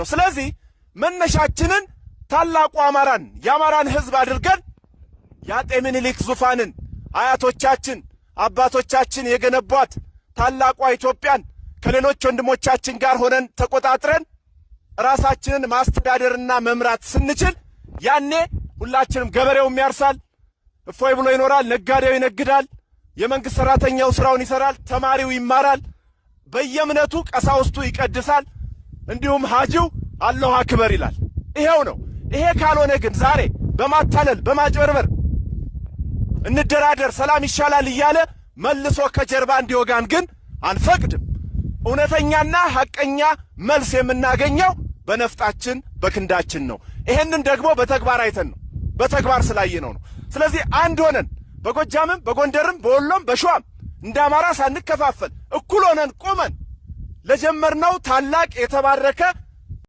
ነው። ስለዚህ መነሻችንን ታላቁ አማራን የአማራን ህዝብ አድርገን የአጤ ምኒልክ ዙፋንን አያቶቻችን አባቶቻችን የገነቧት ታላቋ ኢትዮጵያን ከሌሎች ወንድሞቻችን ጋር ሆነን ተቆጣጥረን ራሳችንን ማስተዳደርና መምራት ስንችል ያኔ ሁላችንም ገበሬውም ያርሳል፣ እፎይ ብሎ ይኖራል፣ ነጋዴው ይነግዳል፣ የመንግሥት ሠራተኛው ሥራውን ይሠራል፣ ተማሪው ይማራል፣ በየእምነቱ ቀሳውስቱ ይቀድሳል። እንዲሁም ሐጂው አላሁ አክበር ይላል። ይሄው ነው። ይሄ ካልሆነ ግን ዛሬ በማታለል በማጭበርበር እንደራደር፣ ሰላም ይሻላል እያለ መልሶ ከጀርባ እንዲወጋን ግን አንፈቅድም። እውነተኛና ሐቀኛ መልስ የምናገኘው በነፍጣችን በክንዳችን ነው። ይሄንን ደግሞ በተግባር አይተን ነው በተግባር ስላየነው ነው። ስለዚህ አንድ ሆነን በጎጃምም በጎንደርም በወሎም በሸዋም እንደ አማራ ሳንከፋፈል እኩል ሆነን ቆመን ለጀመርነው ታላቅ የተባረከ